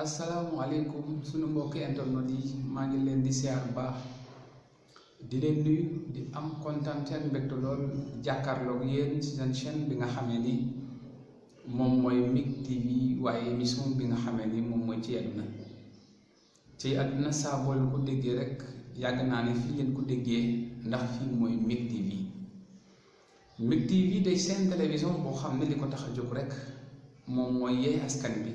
asalaamualeykum sunu mbokki internet yi maa ngi leen di siyaar baax di leen nuyu di am kontaan ak mbégte lool jàkkaarloog yéen seen chaîne bi nga xamee ni moom mooy MIG waaye émission bi nga xamee ni moom mooy ci àdduna ci àdduna saa boo ko déggee rek yàgg naa ne fii leen ko déggee ndax fii mooy MIG TV MIG seen télévision boo xam ne li ko tax a jóg rek moom mooy yee askan bi.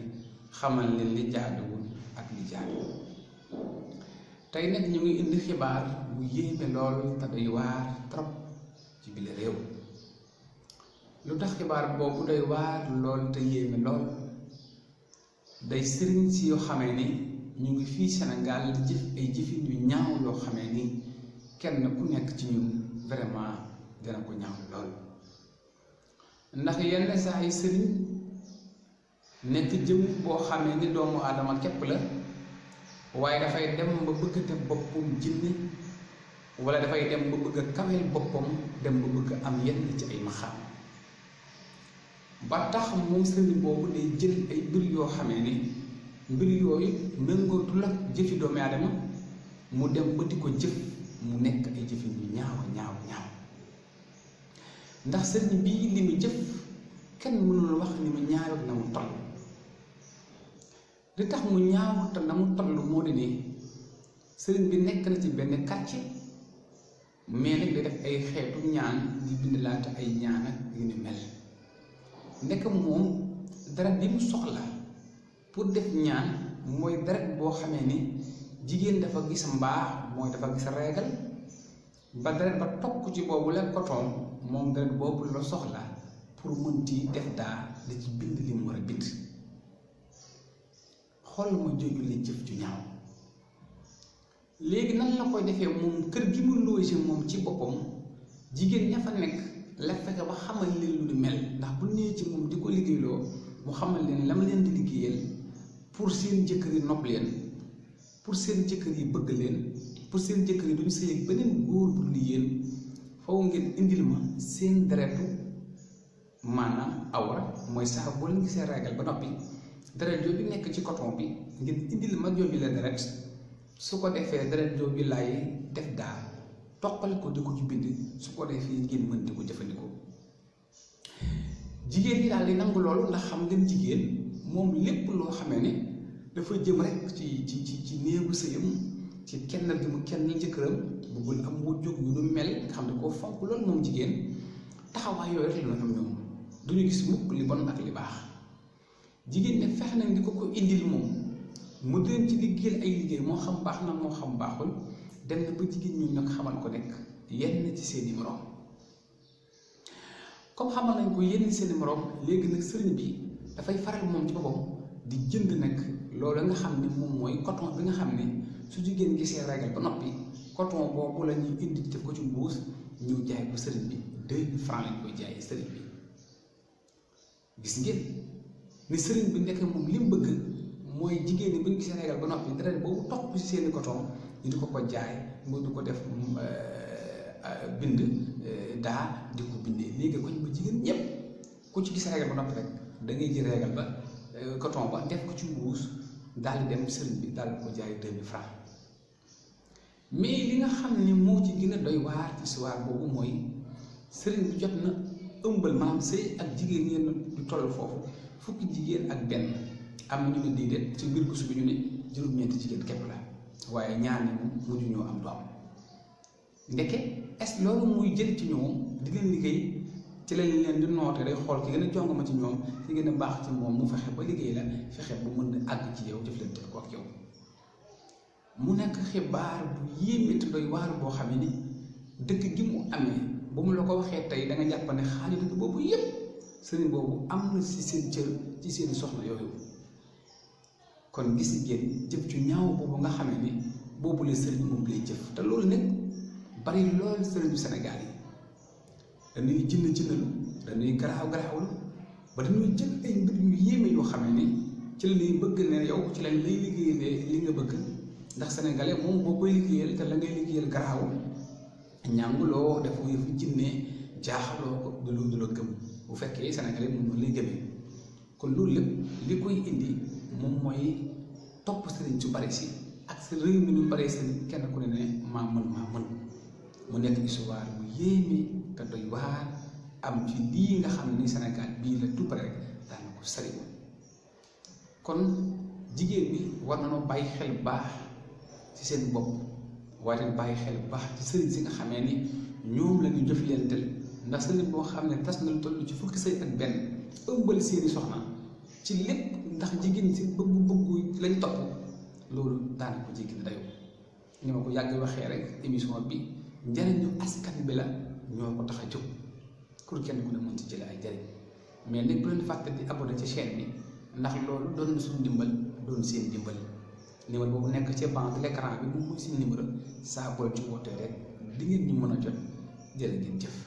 xamal leen li jaaduwul ak li jaaduwul tey nag ñu ngi indi xibaar bu yéeme lool te doy waar trop ci bile réew lu tax xibaar boobu doy waar lool te yéeme lool dey sëriñ si yoo xamee ni ñu ngi fii Sénégal di jëf ay jëfin yu ñaaw yoo xamee ni kenn ku nekk ci ñun vraiment dina ko ñaaw lool ndax yenn saa yi sëriñ nekk jëm boo ne ni doomu aadama képp la waaye dafay dem ba bëggate boppam jinne wala dafay dem ba bëgg a boppam dem ba bëgg am yenn ci ay maxaam ba tax moom sëriñ boobu day jël ay mbir yoo xam ne ni mbir yooyu méngootul ak jëfi doomu aadama mu dem ba di ko jëf mu nekk ay jëfin yu ñaaw ñaaw ñaaw ndax sëriñ bii li mu jëf kenn mënul wax ni mu ñaaw na mu toll li tax mu ñaaw te na mu toll moo di nii sëriñ bi nekk na ci benn quartier mais nag di def ay xeetu ñaan di laata ay ñaan ak yu ni mel nekk moom dara bi mu soxla pour def ñaan mooy dara boo xamee ni jigéen dafa gis mbaax mooy dafa gis reegal ba dara ba topp ci boobu la kotoom moom dara boobu la soxla pour mën ci def daa da ci bind li mu war a bind xoolal ma jooju la jëf ju ñaaw léegi nan la koy defee moom kër gi mu si moom ci boppam jigéen ña fa nekk la fexe ba xamal leen lu mel ndax bu ñëwee ci moom di ko liggéeyloo mu xamal leen la ma leen di liggéeyal pour seen jëkkër yi nopp leen pour seen jëkkër yi bëgg leen pour seen jëkkër yi duñu sëy ak beneen góor bu dul yéen faw ngeen indil ma seen deretu maanaam awra mooy sax boo leen gisee ragal ba noppi deret bi nekk ci coton bi ngeen indil ma jooju la deret su ko defee deret bi laay def daal toqal ko di ko ci bind su ko defee ngeen mën di ko jëfandikoo jigéen ñi daal di nangu loolu ndax xam ngeen jigéen moom lépp loo xamee ne dafa jëm rek ci ci ci ci néegu sëyam ci kenn gi mu kenn jëkkëram bëggul am wujju yu nu mel xam ne koo fonk loolu moom jigéen taxawaay yooyu rek la ñu am ñoom du ñu gis mukk li bon ak li baax. jigéen ñi fex nañ di ko ko indil moom mu doon ci liggéeyal ay liggéey moo xam baax na moo xam baaxul dem na ba jigéen ñi nag xamal ko nekk yenn ci seeni moroom comme xamal nañ ko yenn seeni moroom léegi nag sëriñ bi dafay faral moom ci boppam di jënd nag loolu nga xam ne moom mooy coton bi nga xam ne su jigéen gisee ragal ba noppi coton boobu la ñuy indi def ko ci mbuus ñu jaay ko sëriñ bi deux mille francs lañ koy jaayee sëriñ bi gis ngeen. ni sëriñ bi nekk moom li mu bëgg mooy jigéen ñi bu ñu Sénégal ba noppi dara boobu topp ci seeni coton ñu di ko ko jaay mooy di ko def euh, euh, bind euh, daa di ko bindee léegi koñ ba jigéen ñëpp ku ci gis régal ba noppi rek da ngay jël régal ba coton ba def ko ci mbuus daal di dem sëriñ bi daal di ko jaay deux mille francs mais li nga xam ne moo ci gën a doy waar ci siwaar boobu mooy sëriñ bi jot na ëmbal maanaam sëy ak jigéen ñeen du toll foofu fukki jigéen ak benn am na ñu ne déedéet ci biir gusu bi ñu ne juróom-ñeenti jigéen képp la waaye ñaar ne mujj ñoo am doom ndeke est loolu muy jël ci ñoom di leen liggéey ci lañ leen di noote day xool ki gën a jongama ci ñoom ki gën a ci moom mu fexe ba liggéey la fexe ba mën a àgg ci yow ko ak yow mu nekk xibaar bu yéeme te doy waar boo xam dëkk gi mu amee bu mu la ko waxee tey da nga jàpp ne xaalis boobu yépp sëriñ boobu am na ci seen cër ci seen soxna yooyu kon gis ngeen jëf ju ñaaw boobu nga xamee ni boobu la sëriñ moom lay jëf te loolu nag bari lool sëriñu Sénégal yi dañuy jënd jëndalu dañuy garaaw garaawlu ba dañuy jël ay mbir ni ci la bëgg ne yow ci lañ lay liggéeyee nga bëgg ndax sénégalais moom boo koy liggéeyal te la ngay liggéeyal garaawul ñànguloo dafa yëfu jinne jaaxaloo ko du la gëm. bu fekkee sénégalais moom noonu lay jëmee kon loolu lépp li koy indi moom mooy topp sëriñ su bari si ak sa réew mi ñu bari seen kenn ku ne ne maa mën maa mën mu nekk histoire bu yéeme te doy waar am ci lii nga xam ni Sénégal bii la tout près daan ko sari kon jigéen bi war nañoo bàyyi xel baax ci seen bopp waaye bàyyi xel bu baax ci sëriñ si nga xamee ni ñoom la ñu jëflanteel ndax sa nit boo xam ne tas na lu toll ci fukki sëy ak benn ëmbal seeni soxna ci lépp ndax jigéen si bëggu bëggu lañ topp loolu daana ko jigéen ko yàgg waxee rek émission bi njariñu askan bi la ñoo ko tax a jóg pour kenn ku ne mën ci jële ay njariñ mais lépp bu leen fàtte di abonné ci chaîne bi ndax loolu doon na suñu dimbal doon seen dimbal numéro boobu nekk ci ban de l'écran bi bu muy seen numéro saa booy ci wootee rek di ngeen mën a jot jërë ngeen jëf